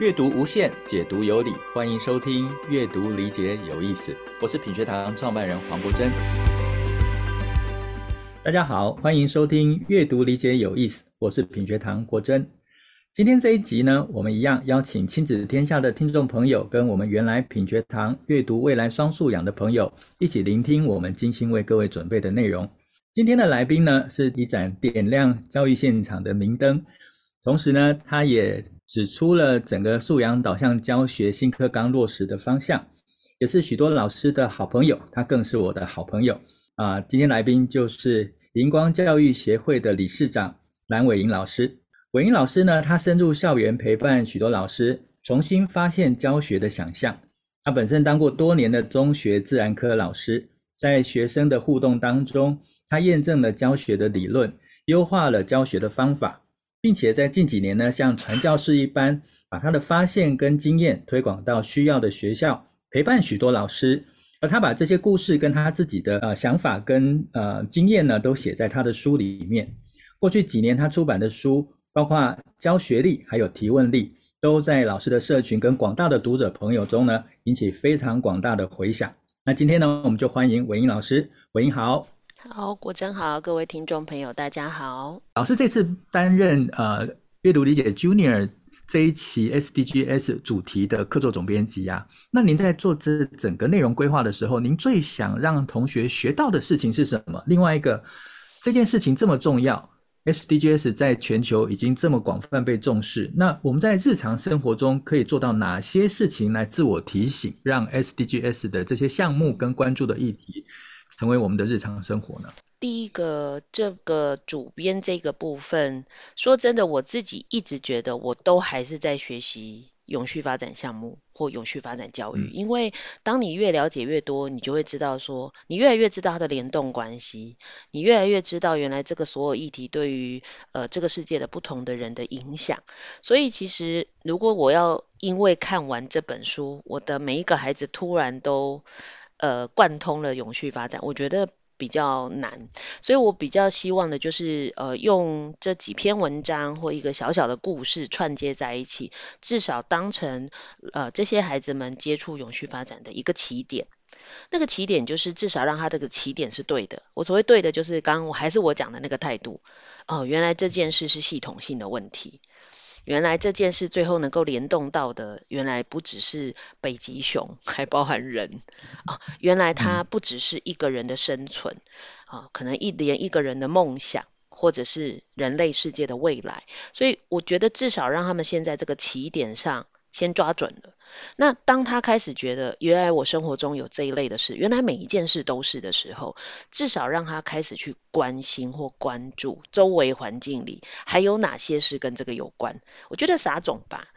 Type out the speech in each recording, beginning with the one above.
閱讀無限，解讀有理，歡迎收聽閱讀理解有意思。我是品學堂創辦人黃國珍。大家好，歡迎收聽閱讀理解有意思。我是品學堂國珍。今天這一集呢，我們一樣邀請親子天下的聽眾朋友，跟我們原來品學堂閱讀未來雙素養的朋友一起聆聽我們精心為各位準備的內容。今天的來賓呢，是一盞點亮教育現場的明燈，同時呢，他也，指出了整個素養導向教學新課綱落實的方向，也是許多老師的好朋友，他更是我的好朋友啊、呃。今天來賓就是瑩光教育協會的理事長藍偉瑩老師。偉瑩老師呢，他深入校園陪伴許多老師重新發現教學的想象。他本身當過多年的中學自然科老師，在學生的互動當中，他驗證了教學的理論，優化了教學的方法。並且在近幾年呢，像傳教士一般，把他的發現跟經驗推廣到需要的學校，陪伴許多老師。而他把這些故事跟他自己的呃想法、跟呃經驗呢，都寫在他的書裡面。過去幾年他出版的書，包括教學力還有提問力，都在老師的社群跟廣大的讀者朋友中呢，引起非常廣大的回響。那今天呢，我們就歡迎偉瑩老師。偉瑩好。好，國珍好，各位聽眾朋友，大家好。老師這次擔任呃閱讀理解 Junior 這一期 SDGs 主題的客座總編輯呀。那您在做這整個內容規劃的時候，您最想讓同學學到的事情是什麼？另外一個，這件事情這麼重要，SDGs 在全球已經這麼廣泛被重視，那我們在日常生活中可以做到哪些事情來自我提醒，讓 SDGs 的這些項目跟關注的議題？成為我們的日常生活呢？第一個，這個主編這個部分，說真的，我自己一直覺得，我都還是在學習永續發展項目或永續發展教育，嗯，因為當你越了解越多，你就會知道說，說你越來越知道它的聯動關係，你越來越知道原來這個所有議題對於呃這個世界的不同的人的影響。所以，其實如果我要因為看完這本書，我的每一個孩子突然都。呃，貫通了永續發展，我覺得比較難，所以我比較希望的就是，呃，用這幾篇文章或一個小小的故事串接在一起，至少當成呃這些孩子們接觸永續發展的一個起點。那個起點就是至少讓他這個起點是對的。我所謂對的，就是剛剛我還是我講的那個態度，哦、呃，原來這件事是系統性的問題。原來這件事最後能夠聯動到的，原來不只是北極熊，還包含人啊！原來它不只是一個人的生存啊，可能一連一個人的夢想，或者是人類世界的未來。所以我覺得至少讓他們現在這個起點上。先抓準了，那當他開始覺得原來我生活中有這一類的事，原來每一件事都是的時候，至少讓他開始去關心或關注周圍環境裡還有哪些事跟這個有關。我覺得撒種吧，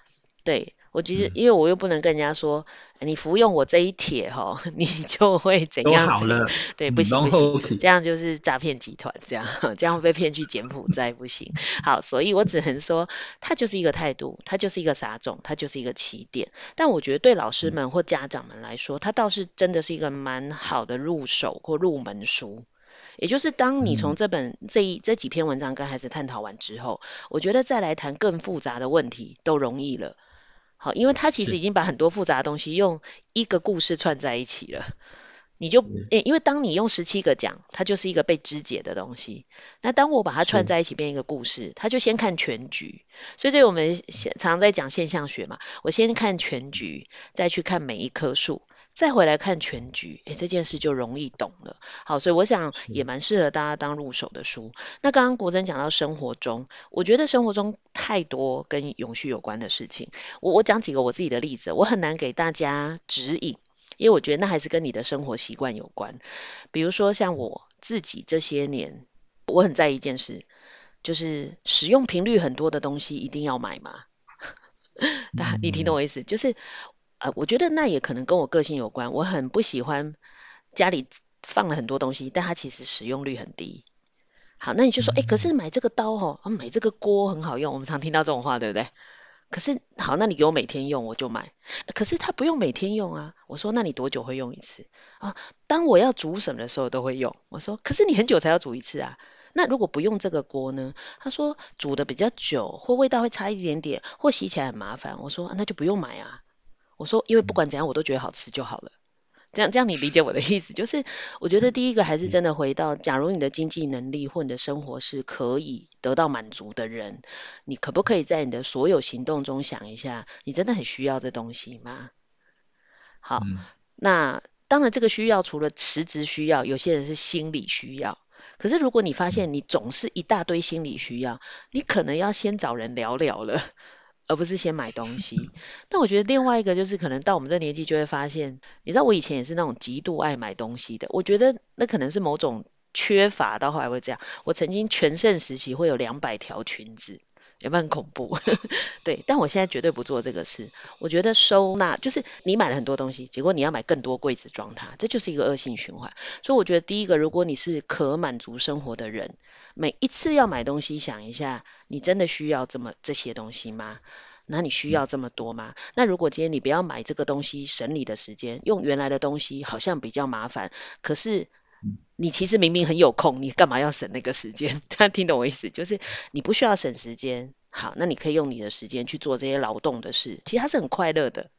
對。我其實因為我又不能跟人家說，嗯哎、你服用我這一帖吼、哦，你就會怎樣都好了怎。對，不行不行，這樣就是詐騙集團，這樣這樣被騙去柬埔寨，不行。好，所以我只能說，它就是一個態度，它就是一個撒種，它就是一個起點。但我覺得對老師們或家長們來說、嗯，它倒是真的是一個蠻好的入手或入門書。也就是當你從這本、嗯、這一這幾篇文章跟孩子探討完之後，我覺得再來談更複雜的問題都容易了。好，因為他其實已經把很多複雜的東西用一個故事串在一起了。你就、欸、因為當你用十七個講，它就是一個被肢解的東西。那當我把它串在一起，變一個故事，它就先看全局。所以，我們常常在講現象學嘛，我先看全局，再去看每一棵樹。再回來看全局，誒、欸、這件事就容易懂了。好，所以我想也蠻適合大家當入手的書。的那剛剛國珍講到生活中，我覺得生活中太多跟永續有關的事情。我我講幾個我自己的例子，我很難給大家指引，因為我覺得那還是跟你的生活習慣有關。比如說像我自己這些年，我很在意一件事，就是使用頻率很多的東西一定要買嗎、嗯嗯？ 大家，你聽懂我意思？就是。啊、呃，我覺得那也可能跟我個性有關。我很不喜歡家裡放了很多東西，但它其實使用率很低。好，那你就說，誒、欸，可是買這個刀吼、哦啊，買這個鍋很好用。我們常聽到這種話，對不對？可是，好，那你給我每天用，我就買。呃、可是它不用每天用啊。我說，那你多久會用一次？啊，當我要煮什麼的時候都會用。我說，可是你很久才要煮一次啊。那如果不用這個鍋呢？他說煮得比較久，或味道會差一點點，或洗起來很麻煩。我說、啊、那就不用買啊。我說，因為不管怎樣，我都覺得好吃就好了。這樣，這樣你理解我的意思，就是我覺得第一個還是真的回到，假如你的經濟能力或你的生活是可以得到滿足的人，你可不可以在你的所有行動中想一下，你真的很需要這東西嗎？好，嗯，那當然這個需要除了實質需要，有些人是心理需要。可是如果你發現你總是一大堆心理需要，你可能要先找人聊聊了。而不是先買東西。那我覺得另外一個就是，可能到我們這年紀就會發現，你知道我以前也是那種極度愛買東西的。我覺得那可能是某種缺乏，到後來會這樣。我曾經全盛時期會有兩百條裙子。也蠻恐怖， 對，但我現在絕對不做這個事。我覺得收納就是你買了很多東西，結果你要買更多櫃子裝它，這就是一個惡性循環。所以我覺得第一個，如果你是可滿足生活的人，每一次要買東西，想一下你真的需要這麼這些東西嗎？那你需要這麼多嗎？嗯？那如果今天你不要買這個東西，省你的時間，用原來的東西好像比較麻煩，可是。你其實明明很有空，你幹嘛要省那個時間？大 家聽懂我意思，就是你不需要省時間。好，那你可以用你的時間去做這些勞動的事。其實它是很快樂的，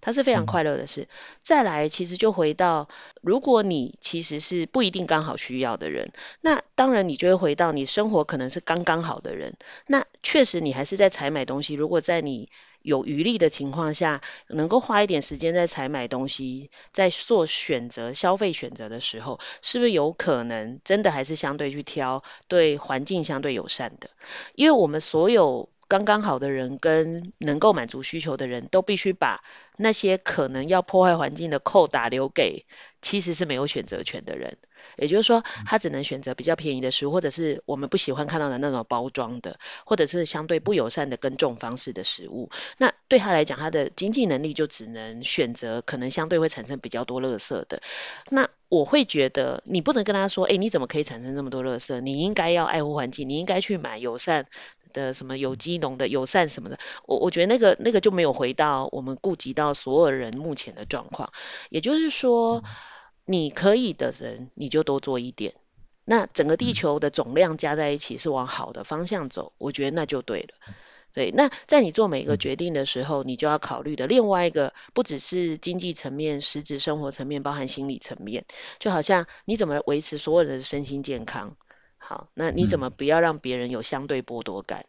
它是非常快樂的事。嗯、再來，其實就回到，如果你其實是不一定剛好需要的人，那當然你就會回到你生活可能是剛剛好的人。那確實你還是在採買東西。如果在你有餘力的情況下，能夠花一點時間在採買東西、在做選擇、消費選擇的時候，是不是有可能真的還是相對去挑對環境相對友善的？因為我們所有剛剛好的人，跟能夠滿足需求的人，都必須把那些可能要破壞環境的扣打留給其實是沒有選擇權的人。也就是說，他只能選擇比較便宜的食物，或者是我們不喜歡看到的那種包裝的，或者是相對不友善的耕種方式的食物。那對他來講，他的經濟能力就只能選擇可能相對會產生比較多垃圾的。那我會覺得，你不能跟他說，誒、欸，你怎麼可以產生這麼多垃圾？你應該要愛護環境，你應該去買友善的什麼有機農的友善什麼的。我我覺得那個那個就沒有回到我們顧及到所有人目前的狀況。也就是說。嗯你可以的人，你就多做一點。那整個地球的總量加在一起是往好的方向走，我覺得那就對了。對，那在你做每一個決定的時候，你就要考慮的另外一個，不只是經濟層面、實質生活層面，包含心理層面，就好像你怎麼維持所有人的身心健康。好，那你怎麼不要讓別人有相對剝奪感？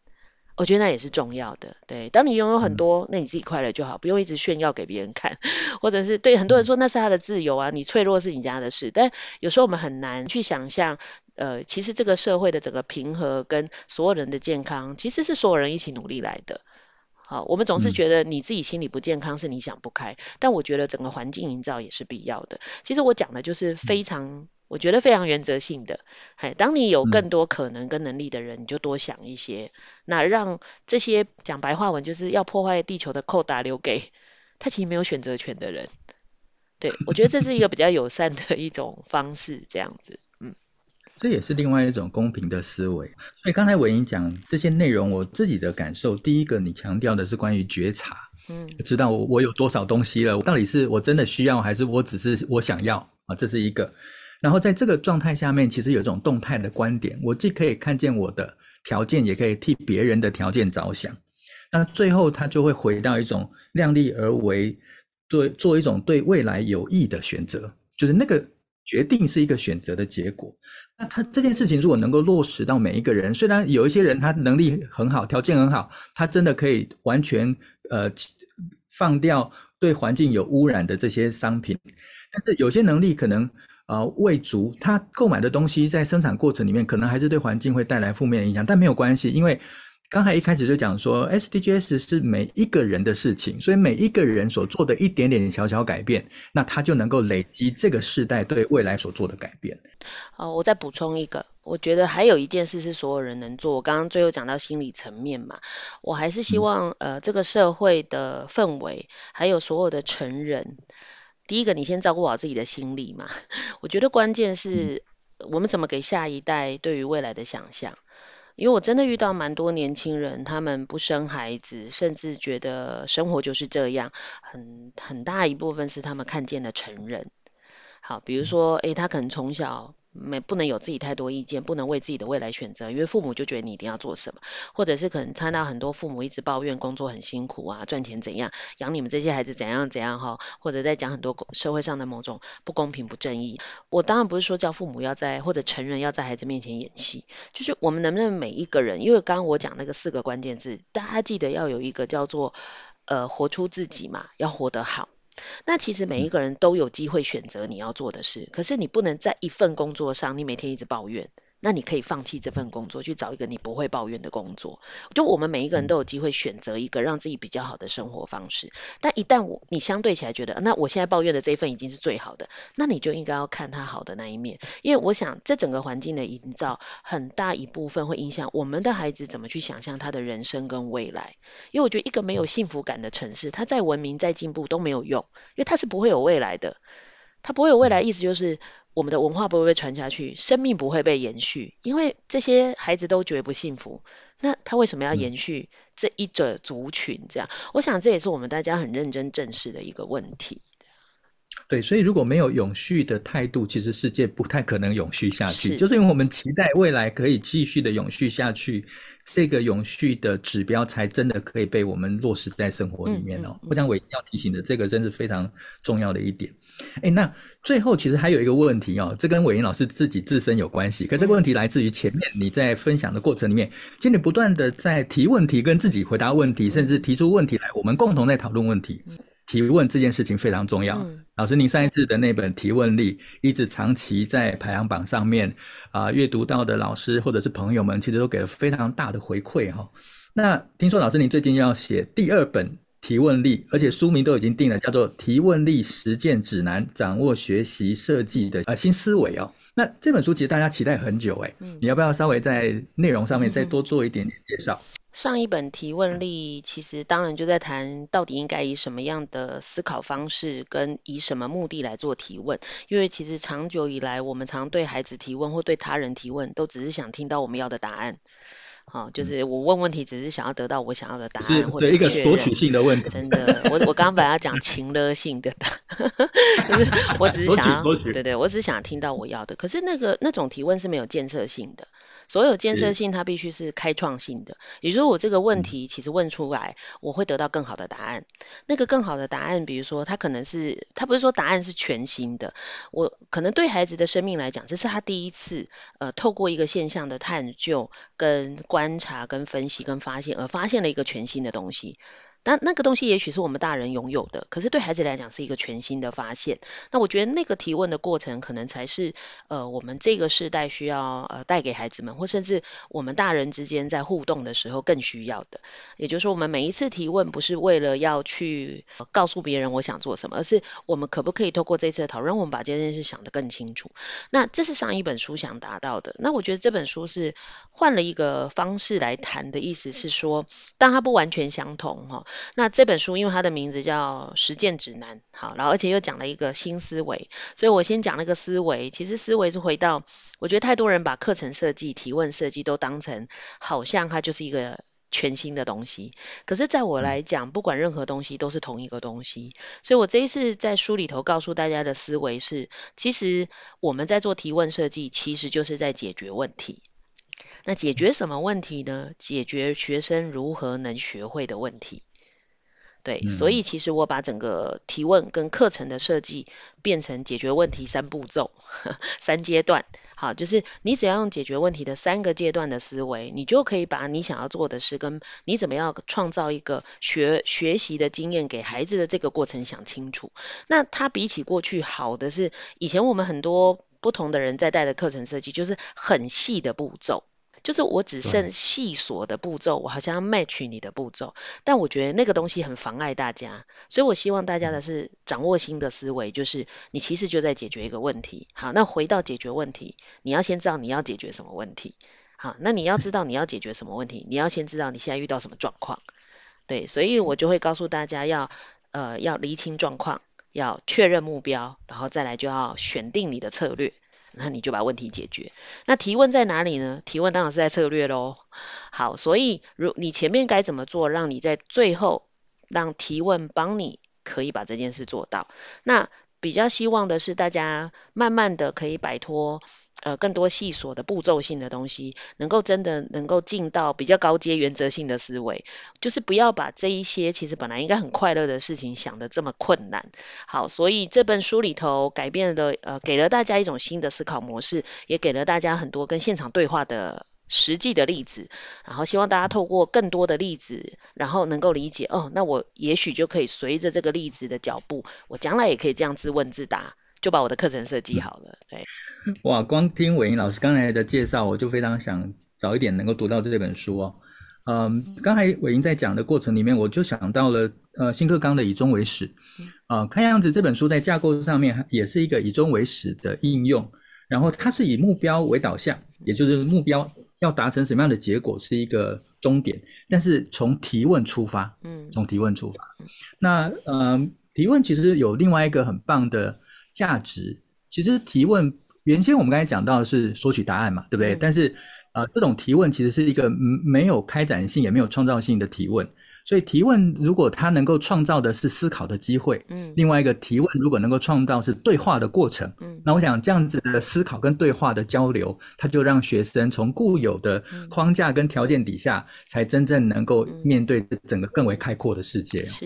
我覺得那也是重要的，對。當你擁有很多、嗯，那你自己快樂就好，不用一直炫耀給別人看，或者是對很多人說那是他的自由啊，嗯、你脆弱是你家的事。但有時候我們很難去想象，呃，其實這個社會的整個平和跟所有人的健康，其實是所有人一起努力來的。好，我們總是覺得你自己心理不健康是你想不開、嗯，但我覺得整個環境營造也是必要的。其實我講的就是非常、嗯。我覺得非常原則性的。嘿，當你有更多可能跟能力的人，嗯、你就多想一些。那讓這些講白話文就是要破壞地球的扣打，留給他其實沒有選擇權的人。對，我覺得這是一個比較友善的一種方式， 這樣子。嗯，這也是另外一種公平的思維。所以剛才偉瑩講這些內容，我自己的感受，第一個你強調的是關於覺察，嗯，知道我有多少東西了，到底是我真的需要，還是我只是我想要啊？這是一個。然後在這個狀態下面，其實有一種動態的觀點，我既可以看見我的條件，也可以替別人的條件着想。那最後他就會回到一種量力而為，做做一種對未來有益的選擇，就是那個決定是一個選擇的結果。那他這件事情如果能夠落實到每一個人，雖然有一些人他能力很好，條件很好，他真的可以完全呃放掉對環境有污染的這些商品，但是有些能力可能。呃，未足他購買的東西在生產過程裡面，可能還是對環境會帶來負面影響，但沒有關係，因為剛才一開始就講說，SDGs 是每一個人的事情，所以每一個人所做的一點點小小改變，那他就能夠累積這個世代對未來所做的改變。好，我再補充一個，我覺得還有一件事是所有人能做，我剛剛最後講到心理層面嘛，我還是希望、嗯、呃這個社會的氛圍，還有所有的成人。第一個，你先照顧好自己的心理嘛。我覺得關鍵是、嗯、我們怎麼給下一代對於未來的想象。因為我真的遇到蠻多年輕人，他們不生孩子，甚至覺得生活就是這樣。很很大一部分是他們看見的成人。好，比如說，嗯、誒，他可能從小，沒不能有自己太多意見，不能為自己的未來選擇，因為父母就覺得你一定要做什麼，或者是可能看到很多父母一直抱怨工作很辛苦啊，賺錢怎樣，養你們這些孩子怎樣怎樣哈，或者在講很多社會上的某種不公平不正義。我當然不是說叫父母要在或者成人要在孩子面前演戲，就是我們能不能每一個人，因為剛剛我講那個四個關鍵字，大家記得要有一個叫做呃活出自己嘛，要活得好。那其實每一個人都有機會選擇你要做的事，可是你不能在一份工作上，你每天一直抱怨。那你可以放棄這份工作，去找一個你不會抱怨的工作。就我們每一個人都有機會選擇一個讓自己比較好的生活方式。但一旦我你相對起來覺得，那我現在抱怨的這份已經是最好的，那你就應該要看它好的那一面。因為我想，這整個環境的營造很大一部分會影響我們的孩子怎麼去想象他的人生跟未來。因為我覺得一個沒有幸福感的城市，它再文明再進步都沒有用，因為它是不會有未來的。它不會有未來，意思就是。我們的文化不會被傳下去，生命不會被延續，因為這些孩子都覺得不幸福。那他為什麼要延續這一者族群？這樣、嗯，我想這也是我們大家很認真正視的一個問題。對，所以如果沒有永續的態度，其實世界不太可能永續下去。是，就是因為我們期待未來可以繼續的永續下去。這個永續的指標才真的可以被我們落實在生活裡面哦。嗯嗯嗯、我想偉瑩要提醒的這個真是非常重要的一點。哎，那最後其實還有一個問題哦，這跟偉瑩老師自己自身有關係。可這個問題來自於前面你在分享的過程裡面，嗯、其實你不斷的在提問題，跟自己回答問題、嗯，甚至提出問題來，我們共同在討論問題。提問這件事情非常重要。嗯、老師，您上一次的那本提問力一直長期在排行榜上面，啊、呃，閱讀到的老師或者是朋友們，其實都給了非常大的回饋哈、哦。那聽說老師您最近要寫第二本提問力，而且書名都已經定了，叫做《提問力實踐指南：掌握學習設計的呃新思維》哦。那這本書其實大家期待很久誒、嗯，你要不要稍微在內容上面再多做一點點介紹、嗯？上一本提問力，其實當然就在談，到底應該以什麼樣的思考方式，跟以什麼目的來做提問？因為其實長久以來，我們常對孩子提問，或對他人提問，都只是想聽到我們要的答案。好，就是我問問題，只是想要得到我想要的答案，或者一個索取性的問題。真的，我我剛剛本來要講情勒性的答案，我只是想要，對對，我只想聽到我要的。可是那個那種提問是沒有建設性的。所有建設性，它必須是開創性的。也就是我這個問題其實問出來，我會得到更好的答案。那個更好的答案，比如說，它可能是，它不是說答案是全新的。我可能對孩子的生命來講，這是他第一次，呃，透過一個現象的探究、跟觀察、跟分析、跟發現，而發現了一個全新的東西。但那個東西也許是我們大人擁有的，可是對孩子來講是一個全新的發現。那我覺得那個提問的過程，可能才是呃我們這個世代需要呃帶給孩子們，或甚至我們大人之間在互動的時候更需要的。也就是說，我們每一次提問不是為了要去、呃、告訴別人我想做什麼，而是我們可不可以透過這次的討論，我們把這件事想得更清楚。那這是上一本書想達到的。那我覺得這本書是換了一個方式來談的，意思是說，當它不完全相同哈。哦那這本書因為它的名字叫《實踐指南》，好，然後而且又講了一個新思維，所以我先講那個思維。其實思維是回到，我覺得太多人把課程設計、提問設計都當成好像它就是一個全新的東西。可是，在我來講，嗯，不管任何東西都是同一個東西。所以我這一次在書裡頭告訴大家的思維是，其實我們在做提問設計，其實就是在解決問題。那解決什麼問題呢？解決學生如何能學會的問題。對，所以其實我把整個提問跟課程的設計變成解決問題三步驟、 三階段。好，就是你只要用解決問題的三個階段的思維，你就可以把你想要做的事跟你怎麼樣創造一個學學習的經驗給孩子的這個過程想清楚。那它比起過去好的是，以前我們很多不同的人在帶的課程設計，就是很細的步驟。就是我只剩細瑣的步驟，我好像要 match 你的步驟，但我覺得那個東西很妨礙大家，所以我希望大家的是掌握新的思維，就是你其實就在解決一個問題。好，那回到解決問題，你要先知道你要解決什麼問題。好，那你要知道你要解決什麼問題，你要先知道你現在遇到什麼狀況。對，所以我就會告訴大家要呃要釐清狀況，要確認目標，然後再來就要選定你的策略。那你就把問題解決。那提問在哪裡呢？提問當然是在策略嘍。好，所以如你前面該怎麼做，讓你在最後讓提問幫你可以把這件事做到。那比較希望的是大家慢慢的可以擺脫。呃，更多細瑣的步驟性的東西，能夠真的能夠進到比較高階原則性的思維，就是不要把這一些其實本來應該很快樂的事情想得這麼困難。好，所以這本書裡頭改變了呃，給了大家一種新的思考模式，也給了大家很多跟現場對話的實際的例子。然後希望大家透過更多的例子，然後能夠理解，哦，那我也許就可以隨着這個例子的腳步，我將來也可以這樣自問自答，就把我的課程設計好了，嗯。對，哇！光聽偉瑩老師剛才的介紹，我就非常想早一點能夠讀到這本書哦。嗯，剛才偉瑩在講的過程裡面，我就想到了呃新課綱的以終為始。嗯、呃，看樣子這本書在架構上面也是一個以終為始的應用。然後它是以目標為導向，也就是目標要達成什麼樣的結果是一個終點，但是從提問出發，嗯，從提問出發。嗯、那呃，提問其實有另外一個很棒的。價值，其實提問，原先我們剛才講到的是索取答案嘛，對不對？嗯、但是，啊、呃，這種提問其實是一個沒有開展性也沒有創造性的提問。所以提問，如果他能夠創造的是思考的機會，嗯，另外一個提問，如果能夠創造是對話的過程，嗯，那我想這樣子的思考跟對話的交流，它就讓學生從固有的框架跟條件底下，嗯、才真正能夠面對整個更為開闊的世界。嗯、是，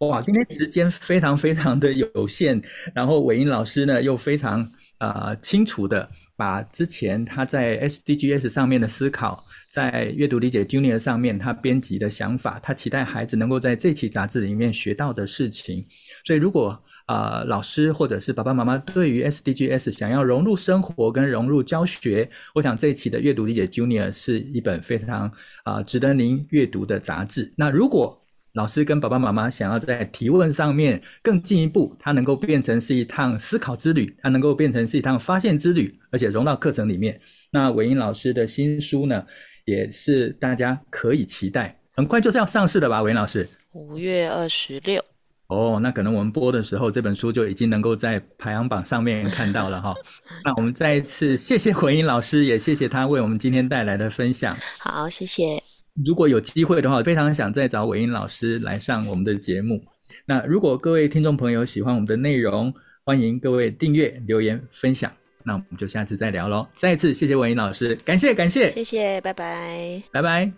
哇，今天時間非常非常的有限，然後偉瑩老師呢又非常啊、呃、清楚地把之前他在 SDGs 上面的思考，在閱讀理解 Junior 上面，他編輯的想法，他期待孩子能夠在這期雜誌裡面學到的事情。所以，如果啊、呃，老師或者是爸爸媽媽對於 SDGs 想要融入生活跟融入教學，我想這一期的閱讀理解 Junior 是一本非常啊、呃、值得您閱讀的雜誌。那如果老師跟爸爸媽媽想要在提問上面更進一步，它能夠變成是一趟思考之旅，它能夠變成是一趟發現之旅，而且融到課程裡面。那偉瑩老師的新書呢？也是大家可以期待，很快就是要上市的吧，偉瑩老師。五月二十六。哦、oh,，那可能我們播的時候，這本書就已經能夠在排行榜上面看到了哈。 那我們再一次謝謝偉瑩老師，也謝謝他為我們今天帶來的分享。好，謝謝。如果有機會的話，非常想再找偉瑩老師來上我們的節目。那如果各位聽眾朋友喜歡我們的內容，歡迎各位訂閱、留言、分享。那我們就下次再聊嘍！再一次謝謝偉瑩老師，感謝感謝，謝謝，拜拜，拜拜。